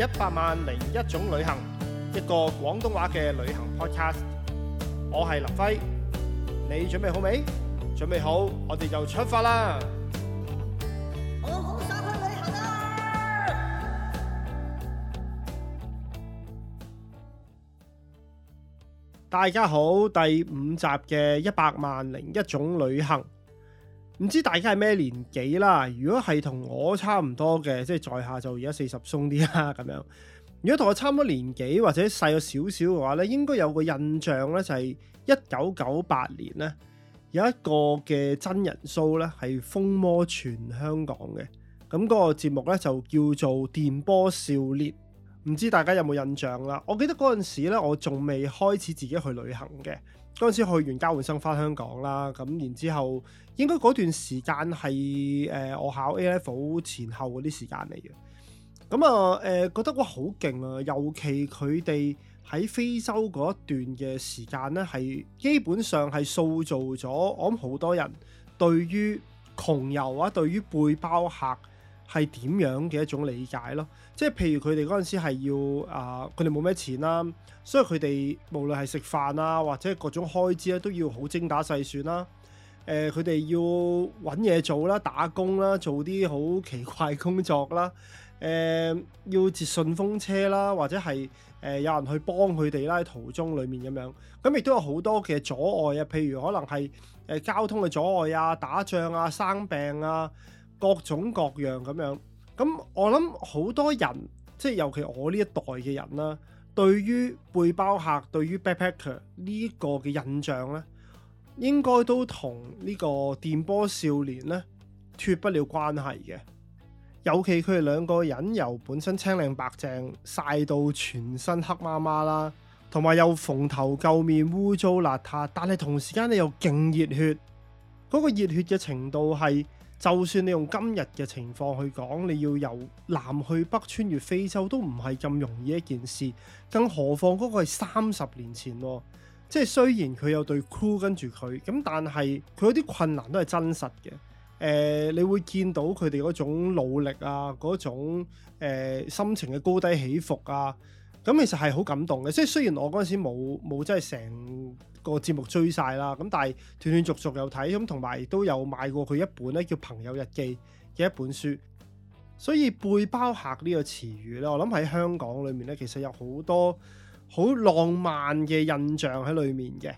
一百萬零一種旅行，一個廣東話嘅旅行 Podcast。我係林輝，你準備好未？準備好，我哋就出發啦！我好想去旅行呀！大家好，第五集嘅一百萬零一種旅行。唔知大家係咩年紀啦，如果係同我差唔多嘅，即係在下就而家四十鬆啲啦咁樣。如果同我差唔多年紀或者細咗少少嘅話呢，應該有個印象呢，就係一九九八年呢，有一個嘅真人 show 呢係風靡全香港嘅，咁、那、嗰個節目呢，就叫做電波少年。唔知大家有冇印象啦？我記得嗰陣時咧，我仲未開始自己去旅行嘅。嗰陣時去完交換生返香港啦，咁然之後應該嗰段時間係誒我考 A Level 前後啲時間嚟嘅。咁啊誒覺得哇好勁啊！尤其佢哋喺非洲一段嘅時間咧，係基本上係塑造咗我諗好多人對於窮遊啊，對於背包客。係點樣嘅一種理解咯？即係譬如佢哋嗰陣時係要、呃、啊，佢哋冇咩錢啦，所以佢哋無論係食飯啦、啊，或者各種開支咧、啊，都要好精打細算啦、啊。誒、呃，佢哋要揾嘢做啦、啊，打工啦、啊，做啲好奇怪工作啦、啊。誒、呃，要截順風車啦、啊，或者係誒有人去幫佢哋啦，喺途中裡面咁樣。咁、嗯、亦都有好多嘅阻礙啊，譬如可能係誒交通嘅阻礙啊、打仗啊、生病啊。各種各樣咁樣，咁我諗好多人，即係尤其我呢一代嘅人啦，對於背包客對於 backpacker 呢個嘅印象呢，應該都同呢個電波少年呢脫不了關係嘅。尤其佢哋兩個人由本身青靚白淨晒到全身黑麻麻啦，同埋又蓬頭垢面污糟邋遢，但係同時間你又勁熱血，嗰個熱血嘅程度係。就算你用今日嘅情況去講，你要由南去北穿越非洲都唔係咁容易一件事，更何況嗰個係三十年前，哦，即係雖然佢有隊 crew 跟住佢，咁但係佢嗰啲困難都係真實嘅。誒、呃，你會見到佢哋嗰種努力啊，嗰種呃、心情嘅高低起伏啊。咁其實係好感動嘅，真係雖然我嗰陣時冇冇，即係成個節目追晒啦。咁但係斷斷續續有睇咁，同埋都有買過佢一本咧叫《朋友日記》嘅一本書。所以背包客呢個詞語咧，我諗喺香港裏面咧，其實有好多好浪漫嘅印象喺裏面嘅。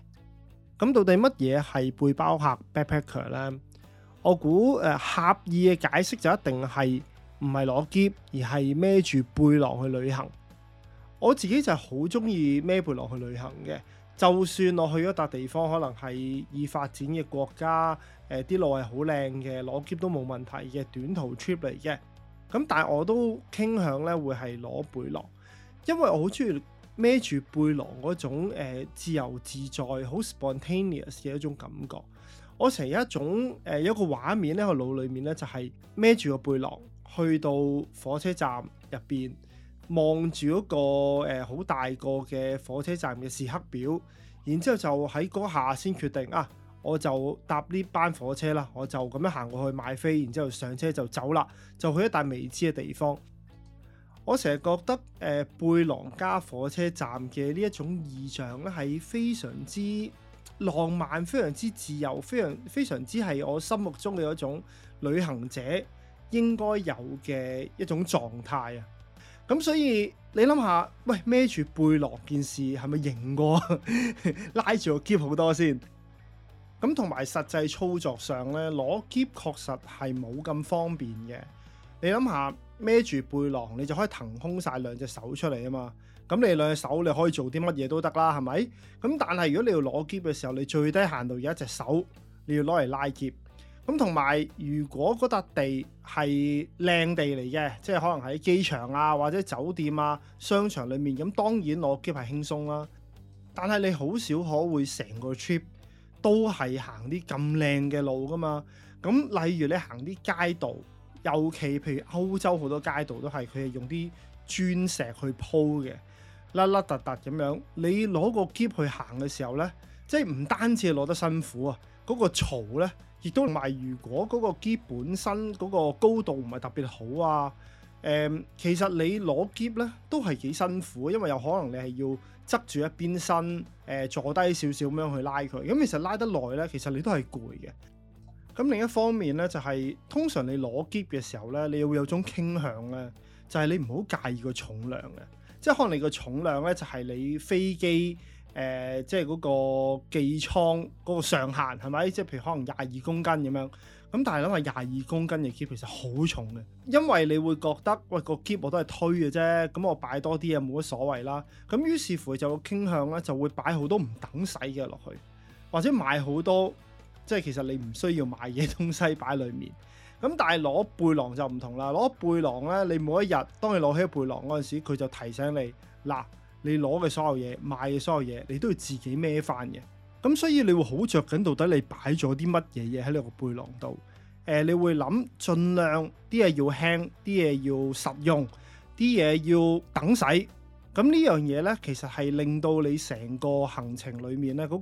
咁到底乜嘢係背包客 （backpacker） 呢？我估誒，狹、呃、義嘅解釋就一定係唔係攞喼而係孭住背囊去旅行。我自己就係好中意孭背囊去旅行嘅，就算我去一笪地方，可能係易發展嘅國家，誒、呃、啲路係好靚嘅，攞篋都冇問題嘅短途 trip 嚟嘅。咁但係我都傾向咧會係攞背囊，因為我好中意孭住背囊嗰種、呃、自由自在、好 spontaneous 嘅一種感覺。我成日有一種誒、呃、一個畫面咧，我腦裡面咧就係孭住個背囊去到火車站入邊。望住嗰個誒好大個嘅火車站嘅時刻表，然之後就喺嗰下先決定啊，我就搭呢班火車啦，我就咁樣行過去買飛，然之後上車就走啦，就去一帶未知嘅地方。我成日覺得誒背囊加火車站嘅呢一種意象咧，係非常之浪漫、非常之自由、非常非常之係我心目中嘅一種旅行者應該有嘅一種狀態啊。咁所以你諗下，喂，孭住背囊件事係咪型過拉住個喼好多先？咁同埋實際操作上咧，攞喼確實係冇咁方便嘅。你諗下孭住背囊，你就可以騰空晒兩隻手出嚟啊嘛。咁你兩隻手你可以做啲乜嘢都得啦，係咪？咁但係如果你要攞喼嘅時候，你最低限度有一隻手你要攞嚟拉喼。咁同埋，如果嗰笪地係靚地嚟嘅，即係可能喺機場啊，或者酒店啊、商場裡面咁，當然攞喼係輕鬆啦。但係你好少可會成個 trip 都係行啲咁靚嘅路噶嘛？咁、嗯、例如你行啲街道，尤其譬如歐洲好多街道都係佢係用啲磚石去鋪嘅，凹凹凸凸咁樣。你攞個喼去行嘅時候呢，即係唔單止攞得辛苦啊，嗰、嗰個嘈呢～亦都唔係，如果嗰個喼本身嗰個高度唔係特別好啊，誒、嗯，其實你攞喼咧都係幾辛苦，因為有可能你係要側住一邊身，誒、呃，坐低少少咁樣去拉佢。咁、嗯、其實拉得耐咧，其實你都係攰嘅。咁、嗯、另一方面咧，就係、是、通常你攞喼嘅時候咧，你會有種傾向咧，就係、是、你唔好介意個重量嘅，即可能你個重量咧，就係、是、你飛機。誒、呃，即係嗰個寄倉嗰個上限係咪？即係譬如可能廿二公斤咁樣，咁但係諗下廿二公斤嘅 keep 其實好重嘅，因為你會覺得喂，個 keep 我都係推嘅啫，咁我擺多啲嘢冇乜所謂啦。咁於是乎就會傾向咧，就會擺好多唔等使嘅落去，或者買好多即係其實你唔需要買嘢東西擺裡面。咁但係攞背囊就唔同啦，攞背囊咧，你每一日當你攞起背囊嗰陣時，佢就提醒你嗱。你攞嘅所有嘢，買嘅所有嘢，你都要自己孭返嘅。咁所以你會好著緊，到底你擺咗啲乜嘢嘢喺你個背囊度？誒，你會諗盡量啲嘢要輕，啲嘢要實用，啲嘢要等使。咁呢樣嘢呢，其實係令到你成個行程裡面呢，嗰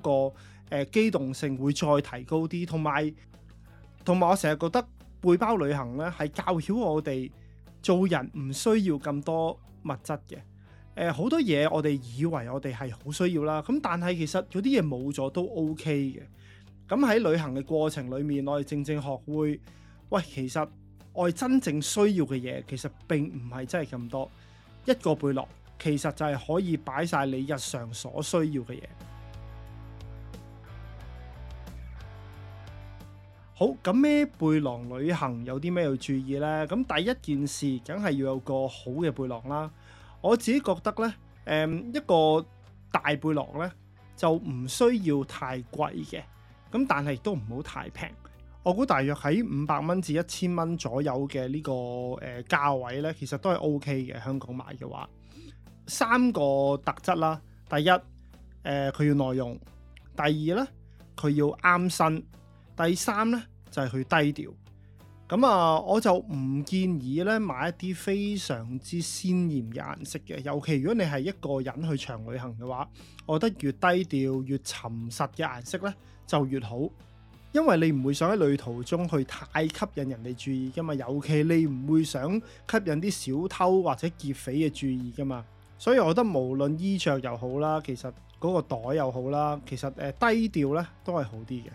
個誒機動性會再提高啲，同埋同埋我成日覺得背包旅行呢係教曉我哋做人唔需要咁多物質嘅。誒好多嘢我哋以為我哋係好需要啦，咁但係其實有啲嘢冇咗都 OK 嘅。咁喺旅行嘅過程裏面，我哋正正學會，喂，其實我哋真正需要嘅嘢其實並唔係真係咁多。一個背囊其實就係可以擺晒你日常所需要嘅嘢。好，咁咩背囊旅行有啲咩要注意呢？咁第一件事，梗係要有個好嘅背囊啦。我自己覺得咧，誒一個大背囊咧就唔需要太貴嘅，咁但係亦都唔好太平。我估大約喺五百蚊至一千蚊左右嘅，這個呃、呢個誒價位咧，其實都係 O K 嘅。香港買嘅話，三個特質啦，第一誒佢、呃、要耐用，第二咧佢要啱身，第三咧就係、是、佢低調。咁啊，我就唔建議咧買一啲非常之鮮豔嘅顏色嘅，尤其如果你係一個人去長旅行嘅話，我覺得越低調越沉實嘅顏色咧就越好，因為你唔會想喺旅途中去太吸引人哋注意㗎嘛，尤其你唔會想吸引啲小偷或者劫匪嘅注意㗎嘛，所以我覺得無論衣着又好啦，其實嗰個袋又好啦，其實誒低調咧都係好啲嘅。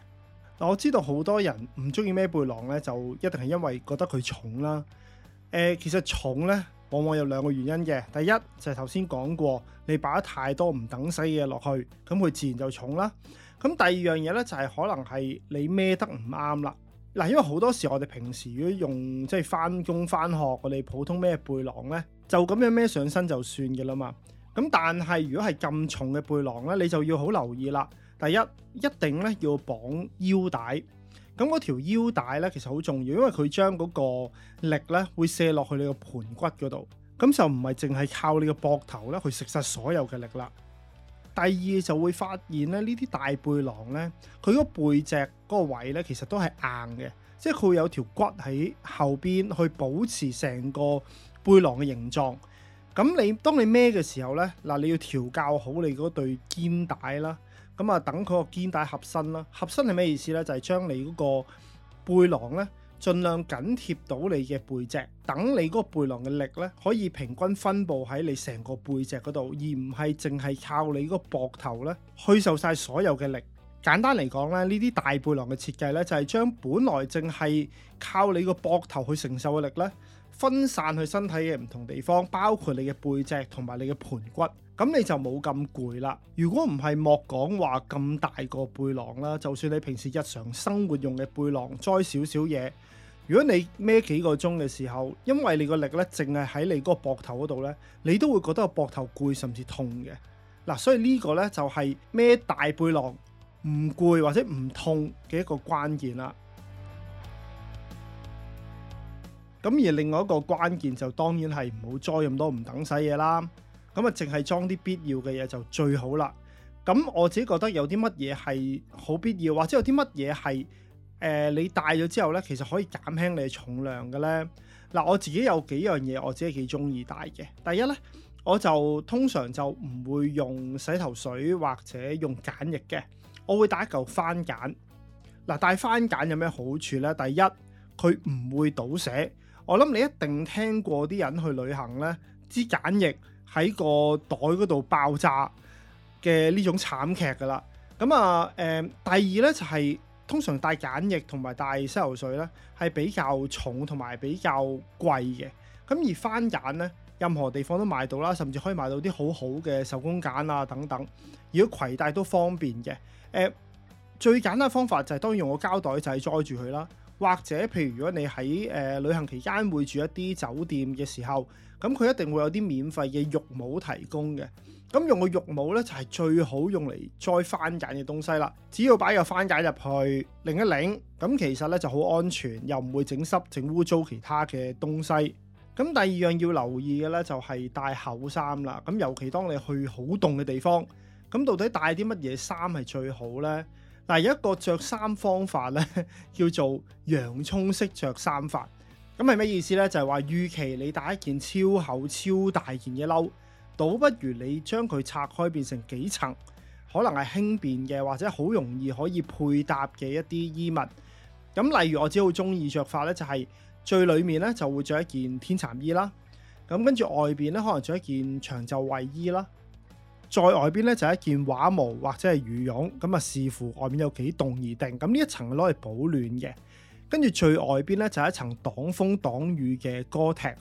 嗱我知道好多人唔中意孭背囊呢，就一定係因為覺得佢重啦。誒、呃，其實重呢，往往有兩個原因嘅。第一就係頭先講過，你擺咗太多唔等使嘅嘢落去，咁佢自然就重啦。咁第二樣嘢呢，就係、是、可能係你孭得唔啱啦。嗱，因為好多時我哋平時如果用即係返工返學，我哋普通孭背囊呢，就咁樣孭上身就算嘅啦嘛。咁但係如果係咁重嘅背囊呢，你就要好留意啦。第一一定咧，要綁腰帶。咁嗰條腰帶咧其實好重要，因為佢將嗰個力咧會卸落去你個盤骨嗰度，咁就唔係淨係靠你個膊頭咧去食晒所有嘅力啦。第二就會發現咧，呢啲大背囊咧，佢個背脊嗰個位咧其實都係硬嘅，即係佢會有條骨喺後邊去保持成個背囊嘅形狀。咁你當你孭嘅時候咧，嗱，你要調校好你嗰對肩帶啦。咁啊，等佢個肩帶合身啦。合身係咩意思呢？就係將你嗰個背囊呢，盡量緊貼到你嘅背脊，等你嗰背囊嘅力呢，可以平均分佈喺你成個背脊嗰度，而唔係淨係靠你個膊頭呢去受晒所有嘅力。簡單嚟講呢，呢啲大背囊嘅設計呢，就係將本來淨係靠你個膊頭去承受嘅力呢，分散去身體嘅唔同地方，包括你嘅背脊同埋你嘅盆骨。咁你就冇咁攰啦。如果唔係，莫講話咁大個背囊啦，就算你平時日常生活用嘅背囊，載少少嘢，如果你孭幾個鐘嘅時，時候，因為你個力咧，淨係喺你嗰個膊頭嗰度呢，你都會覺得個膊頭攰甚至痛嘅。嗱，所以呢個呢，就係孭大背囊唔攰或者唔痛嘅一個關鍵啦。咁而另外一個關鍵就當然係唔好載咁多唔等使嘢啦。咁啊，淨係裝啲必要嘅嘢就最好啦。咁我自己覺得有啲乜嘢係好必要，或者有啲乜嘢係誒你帶咗之後呢，其實可以減輕你嘅重量嘅呢。嗱，我自己有幾樣嘢，我自己幾中意帶嘅。第一呢，我就通常就唔會用洗頭水或者用梘液嘅，我會帶一嚿番梘。嗱，帶番梘有咩好處呢？第一，佢唔會倒瀉。我諗你一定聽過啲人去旅行呢，支梘液，喺個袋嗰度爆炸嘅呢種慘劇㗎喇。咁啊，誒、嗯、第二呢就係、是、通常帶梘液同埋帶洗頭水呢，係比較重同埋比較貴嘅。咁、嗯、而番梘呢，任何地方都買到啦，甚至可以買到啲好好嘅手工梘啊等等。如果攜帶都方便嘅，誒、嗯、最簡單方法就係、是、當然用個膠袋就係載住佢啦。或者譬如如果你喺誒、呃、旅行期間會住一啲酒店嘅時候，咁佢一定會有啲免費嘅浴帽提供嘅。咁用個浴帽呢，就係、是、最好用嚟再番梘嘅東西啦。只要擺個番梘入去，擰一擰，咁其實呢就好安全，又唔會整濕整污糟其他嘅東西。咁第二樣要留意嘅呢，就係、是、戴厚衫啦。咁尤其當你去好凍嘅地方，咁到底帶啲乜嘢衫係最好呢？嗱，有一個着衫方法咧，叫做洋葱式着衫法。咁係咩意思呢？就係、是、話，預期你戴一件超厚超大件嘅褸，倒不如你將佢拆開變成幾層，可能係輕便嘅或者好容易可以配搭嘅一啲衣物。咁例如我只好中意着法呢、就是，就係最裏面呢就會着一件天蠶衣啦。咁跟住外邊呢，可能着一件長袖衞衣啦。再外邊咧就係一件畫毛或者係羽絨，咁啊視乎外面有幾凍而定。咁呢一層攞嚟保暖嘅，跟住最外邊咧就係一層擋風擋雨嘅 Gore-Tex。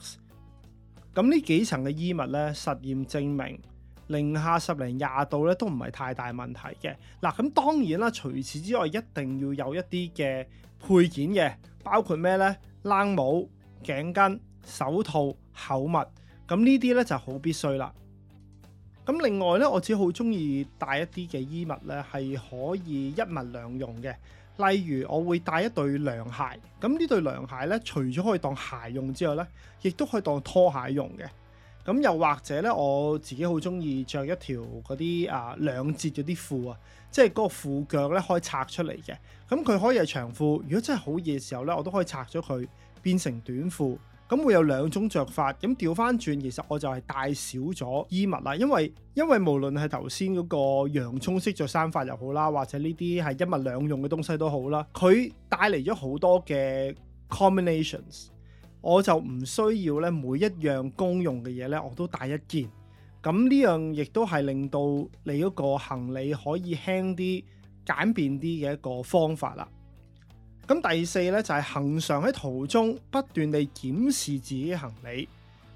咁呢幾層嘅衣物咧，實驗證明零下十零廿度咧都唔係太大問題嘅。嗱，咁當然啦，除此之外一定要有一啲嘅配件嘅，包括咩咧？冷帽、頸巾、手套、厚襪，咁呢啲咧就好必須啦。咁另外咧，我自己好中意帶一啲嘅衣物咧，係可以一物兩用嘅。例如，我會帶一對涼鞋。咁呢對涼鞋咧，除咗可以當鞋用之外咧，亦都可以當拖鞋用嘅。咁又或者咧，我自己好中意着一條嗰啲啊兩節嗰啲褲啊，褲即係嗰個褲腳咧可以拆出嚟嘅。咁佢可以係長褲，如果真係好熱嘅時候咧，我都可以拆咗佢變成短褲。咁會有兩種着法，咁調翻轉，其實我就係帶少咗衣物啦，因為因為無論係頭先嗰個洋葱式着衫法又好啦，或者呢啲係一物兩用嘅東西都好啦，佢帶嚟咗好多嘅 combinations，我就唔需要咧每一樣公用嘅嘢咧我都帶一件，咁呢樣亦都係令到你嗰個行李可以輕啲簡便啲嘅一個方法啦。咁第四咧就係行常喺途中不斷地檢視自己行李，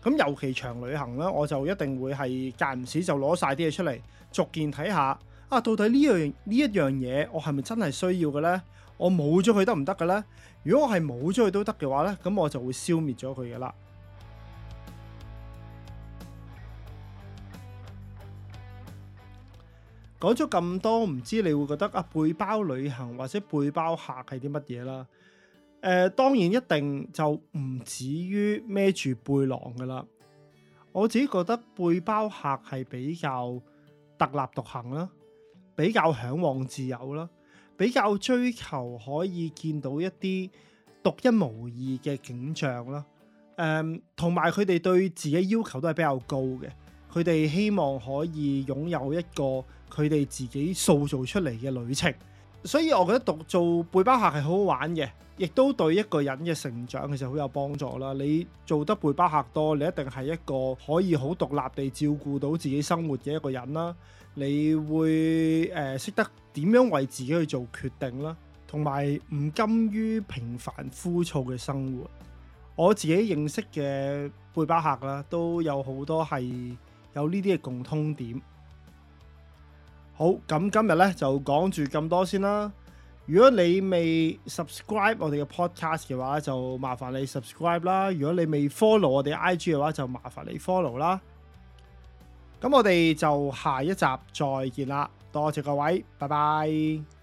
咁尤其長旅行咧，我就一定會係間唔時就攞晒啲嘢出嚟，逐件睇下啊，到底呢樣呢一樣嘢我係咪真係需要嘅咧？我冇咗佢得唔得嘅咧？如果我係冇咗佢都得嘅話咧，咁我就會消滅咗佢嘅啦。講咗咁多，唔知你會覺得啊，背包旅行或者背包客係啲乜嘢啦？誒、呃，當然一定就唔止於孭住背囊噶啦。我自己覺得背包客係比較特立獨行啦，比較嚮往自由啦，比較追求可以見到一啲獨一無二嘅景象啦。同埋佢哋對自己要求都係比較高嘅，佢哋希望可以擁有一個佢哋自己塑造出嚟嘅旅程，所以我覺得讀做背包客係好好玩嘅，亦都對一個人嘅成長其實好有幫助啦。你做得背包客多，你一定係一個可以好獨立地照顧到自己生活嘅一個人啦。你會誒識得點樣為自己去做決定啦，同埋唔甘於平凡枯燥嘅生活。我自己認識嘅背包客啦，都有好多係有呢啲嘅共通點。好，咁今日咧就講住咁多先啦。如果你未 subscribe 我哋嘅 podcast 嘅話，就麻煩你 subscribe 啦。如果你未 follow 我哋 IG 嘅話，就麻煩你 follow 啦。咁我哋就下一集再見啦。多謝各位，拜拜。